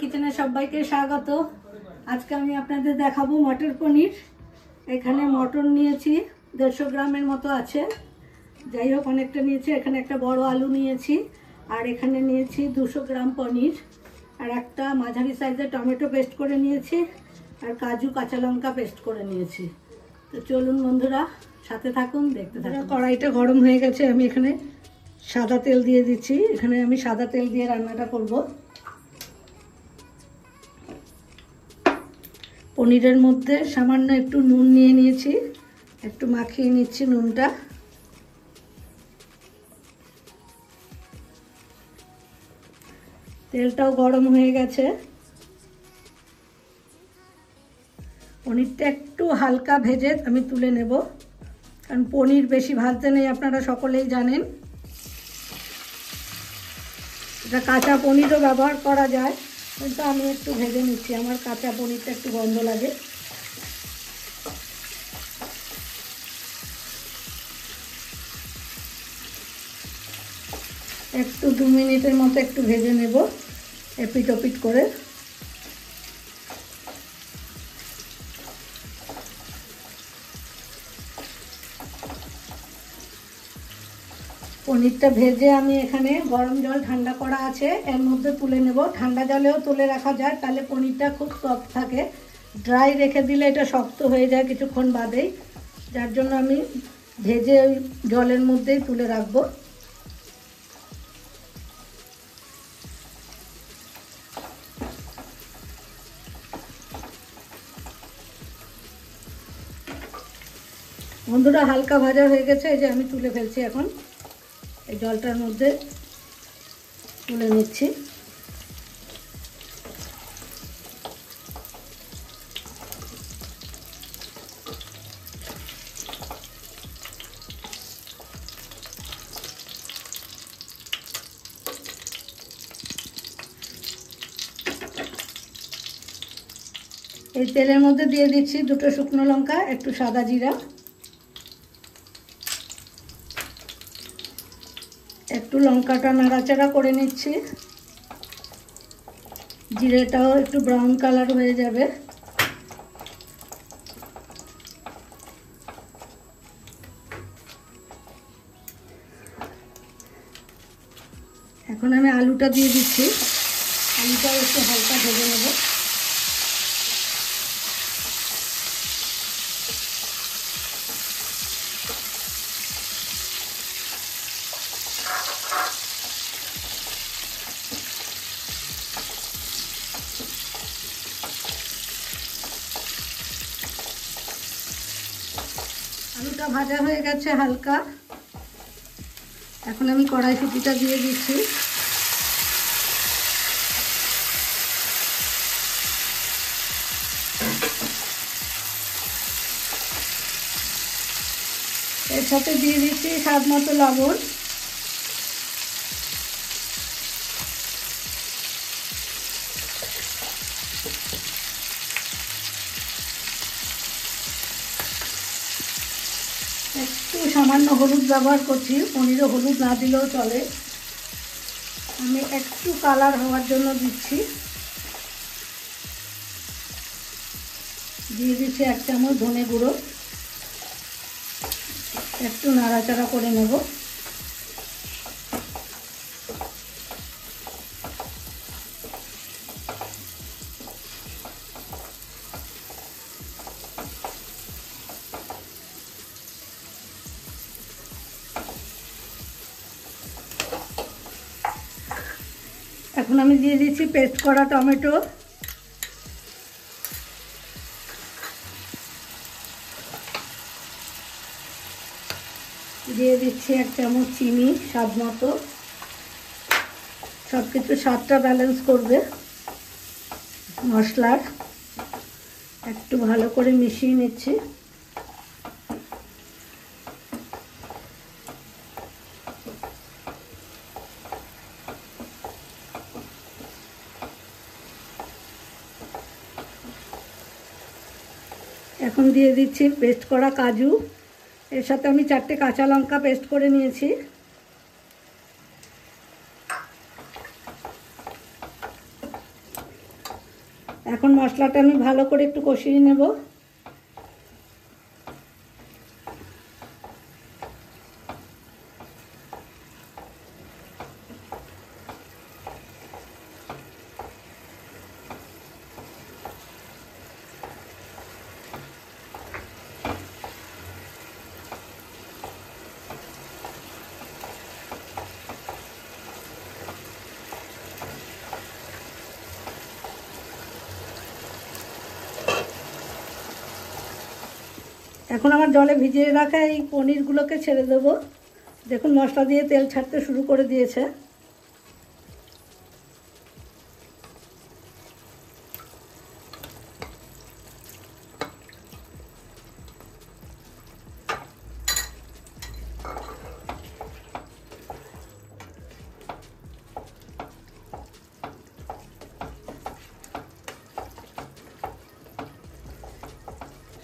কিচেনে সবাইকে স্বাগত আজকে আমি আপনাদের দেখাবো মটর পনির এখানে মটন নিয়েছি দেড়শো গ্রামের মতো আছে যাই হোক অনেকটা নিয়েছি এখানে একটা বড় আলু নিয়েছি আর এখানে নিয়েছি দুশো গ্রাম পনির আর একটা মাঝারি সাইজের টমেটো পেস্ট করে নিয়েছি আর কাজু কাঁচা লঙ্কা পেস্ট করে নিয়েছি তো চলুন বন্ধুরা সাথে থাকুন দেখতে থাকুন কড়াইটা গরম হয়ে গেছে আমি এখানে সাদা তেল দিয়ে দিচ্ছি এখানে আমি সাদা তেল দিয়ে রান্নাটা করব পনিরের মধ্যে সামান্য একটু নুন নিয়ে নিয়েছি একটু মাখিয়ে নিচ্ছি নুনটা তেলটাও গরম হয়ে গেছে পনিরটা একটু হালকা ভেজে আমি তুলে নেব কারণ পনির বেশি ভাজতে নেই আপনারা সকলেই জানেন এটা কাঁচা পনিরও ব্যবহার করা যায় কিন্তু আমি একটু ভেজে নিচ্ছি আমার কাঁচা পনিরটা একটু গন্ধ লাগে একটু দু মিনিটের মতো একটু ভেজে নেব এপিট ওপিট করে পনিরটা ভেজে আমি এখানে গরম জল ঠান্ডা করা আছে এর মধ্যে তুলে নেব ঠান্ডা জলেও তুলে রাখা যায় তাহলে পনিরটা খুব সফট থাকে ড্রাই রেখে দিলে এটা শক্ত হয়ে যায় কিছুক্ষণ বাদেই যার জন্য আমি ভেজে ওই জলের মধ্যেই তুলে রাখবো বন্ধুরা হালকা ভাজা হয়ে গেছে এই যে আমি তুলে ফেলছি এখন এই জলটার মধ্যে তুলে নিচ্ছি এই তেলের মধ্যে দিয়ে দিচ্ছি দুটো শুকনো লঙ্কা একটু সাদা জিরা একটু লঙ্কাটা নাড়াচাড়া করে নিচ্ছি জিরেটাও একটু ব্রাউন কালার হয়ে যাবে এখন আমি আলুটা দিয়ে দিচ্ছি আলুটাও একটু হালকা ভেজে নেবো আলুটা ভাজা হয়ে গেছে হালকা এখন আমি কড়াইশুটিটা দিয়ে দিচ্ছি এর সাথে দিয়ে দিচ্ছি স্বাদ মতো লবণ একটু সামান্য হলুদ ব্যবহার করছি পনিরও হলুদ না দিলেও চলে আমি একটু কালার হওয়ার জন্য দিচ্ছি দিয়ে দিচ্ছি এক চামচ ধনে গুঁড়ো একটু নাড়াচাড়া করে নেবো এখন আমি দিয়ে দিচ্ছি পেস্ট করা টমেটো দিয়ে দিচ্ছি এক চামচ চিনি স্বাদ মতো সব কিছু স্বাদটা ব্যালেন্স করবে মশলার একটু ভালো করে মিশিয়ে নিচ্ছি এখন দিয়ে দিচ্ছি পেস্ট করা কাজু এর সাথে আমি চারটে কাঁচা লঙ্কা পেস্ট করে নিয়েছি এখন মশলাটা আমি ভালো করে একটু কষিয়ে নেবো এখন আমার জলে ভিজিয়ে রাখা এই পনিরগুলোকে ছেড়ে দেবো দেখুন মশলা দিয়ে তেল ছাড়তে শুরু করে দিয়েছে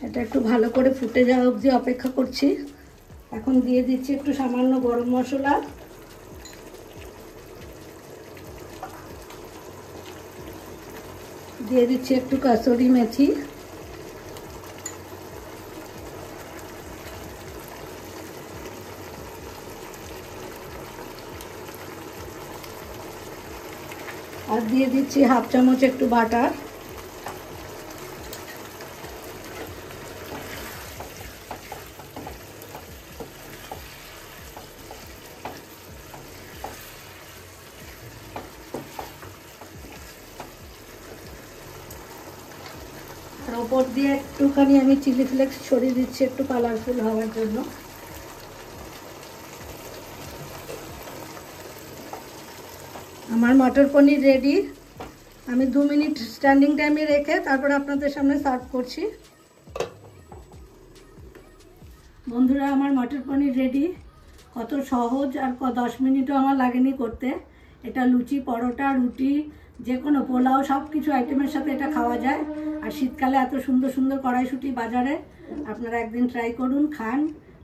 এটা একটু ভালো করে ফুটে যাওয়া অবধি অপেক্ষা করছি এখন দিয়ে দিচ্ছি একটু সামান্য গরম মশলা দিয়ে দিচ্ছি একটু কাসরি মেথি আর দিয়ে দিচ্ছি হাফ চামচ একটু বাটার ওপর দিয়ে একটুখানি আমি চিলি ফ্লেক্স ছড়িয়ে দিচ্ছি একটু কালারফুল হওয়ার জন্য আমার মটর পনির রেডি আমি দু মিনিট স্ট্যান্ডিং টাইমে রেখে তারপর আপনাদের সামনে সার্ভ করছি বন্ধুরা আমার মটর পনির রেডি কত সহজ আর দশ মিনিটও আমার লাগেনি করতে এটা লুচি পরোটা রুটি যে কোনো পোলাও সব কিছু আইটেমের সাথে এটা খাওয়া যায় আর শীতকালে এত সুন্দর সুন্দর কড়াইশুটি বাজারে আপনারা একদিন ট্রাই করুন খান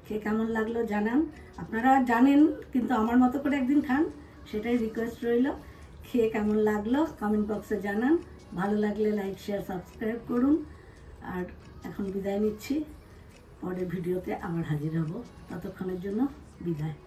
খেয়ে কেমন লাগলো জানান আপনারা জানেন কিন্তু আমার মতো করে একদিন খান সেটাই রিকোয়েস্ট রইল খেয়ে কেমন লাগলো কমেন্ট বক্সে জানান ভালো লাগলে লাইক শেয়ার সাবস্ক্রাইব করুন আর এখন বিদায় নিচ্ছি পরের ভিডিওতে আবার হাজির হব ততক্ষণের জন্য বিদায়